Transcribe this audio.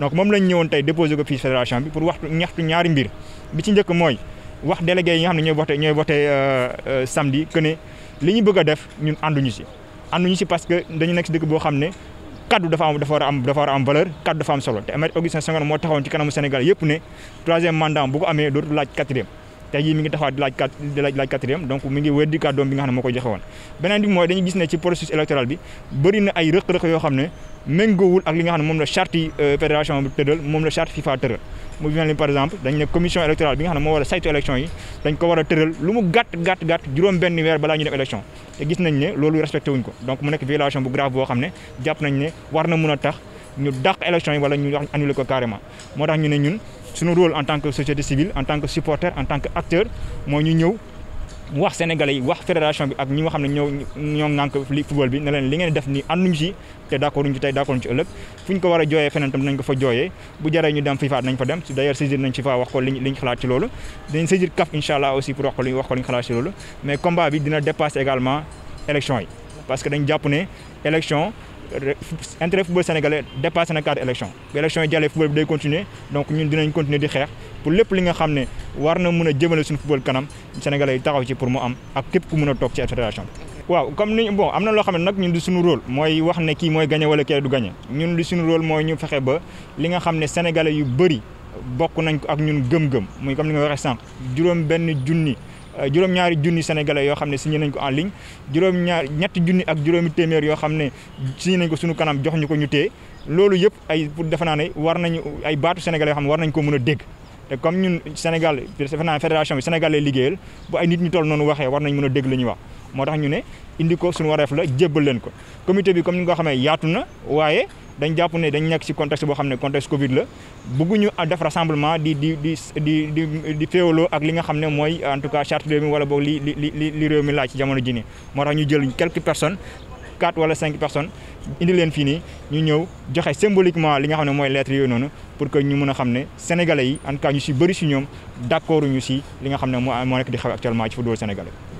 donc moom lañ ñëwoon tey déposé ko fii fédération bi pour waxtu ñaxtu ñaari mbir bi ci njëkk mooy wax délégué yi nga xam ne ñooy voté ñooy voté euh, euh, samedi que ne li ñu bëgg def ñun ànduñu si ñu si parce que dañu nekk si dëkk boo xam ne kaddu dafa am dafa war a am dafa war a am valeur kaddu dafa am solo te Augustin Senghor moo taxoon ci kanamu Sénégal yëpp ne troisième mandat bu ko amee dootul laaj quatrième tey jii mi ngi taxawaat di laaj quatre di laaj quatrième donc mi ngi wéddi kàddoom bi nga xam ne moo ko joxe woon beneen bi mooy dañuy gis ne ci processus électoral bi bëri na ay rëq-rëq yoo xam ne méngoowul ak li nga xam ne moom la charte yi euh, fédération bi tëral moom la charte FIFA tëral mu mel ni par exemple dañ ne commission électorale bi nga xam ne moo war a saytu élection yi dañ ko war a tëral lu mu gàtt gàtt gàtt juróom benn weer balaa ñu dem élection te gis na a tax ko carrément moo tax ñu ne ñun suñu rôle en tant que société civile en tant que supporter en tant que acteur mooy ñu ñëw wax sénégalais yi wax fédération bi ak ñi nga xamné ñoo ñoo ngank football bi ne leen li ngeen def ni ànduñu ci té d'accord ñu ci tey d'accord uñu ci ëllëg fuñ ko wara joyé jooyee tam nañ ko fa joyé bu jaré ñu dem FIFA nañ fa dem d'ailleurs saisir nañ ci fa wax ko liñ liñ xalaat ci lolu dañ saisir CAF inshallah aussi pour wax ko li wax ko liñ xalaat ci lolu mais combat bi dina dépasser également élection yi parce que dañ japp né élection le football sénégalais dépasse la cadre élection bu élection yi football bi continuer donc ñun dinañ continuer di faire pour lépp li nga ramener ne war na mën a suñu football kanam sénégalais yi taxaw ci pour moi am ak képp ku mën a toog ci fédération waaw comme nous bon amener na ramener xam ne nous ñun di suñu rôle mooy wax ne kii mooy gagné wala kii du gagné ñun di suñu rôle moi ñu faire ba li nga xam sénégalais yu bëri beaucoup nañ ko ak ñun gëm-gëm comme li nga durant sànq juróom benn Euh, juróom-ñaari junni sénégalais yoo xam ne signé nañ ko en ligne juróom-ñaar ñetti junni ak juróomi téeméer yoo xam ne signé nañ ko suñu kanam jox ñu ko ñu téye loolu yëpp ay pour defe naa ne war nañu ay baatu sénégalais yoo xam ne war nañ ko mën a dégg te comme ñun Sénégal defe naa fédération bi Sénégal liggéeyal bu ay nit ñu toll noonu waxee war nañ mën a dégg li wax moo tax ñu ne indi ko suñu wareef la jébbal leen ko comité bi comme ni nga ko xamee yaatu na waaye dañ japp ne dañ nek ci contexte bo xamne contexte covid la bëgguñu def rassemblement di di di di di, di féwolo ak li nga xamne moy en tout cas charte de mi wala bok li li li, li rew mi la ci jamono jini mo tax ñu jël quelques personnes 4 wala 5 personnes indi leen fini ñu ñew joxe symboliquement li nga xamne moy lettre yoy nonu pour que ñu mëna xamne sénégalais yi en tout cas ñu ci bari ci ñom d'accordu ñu ci li nga xamne mo nek di xew actuellement ci football sénégalais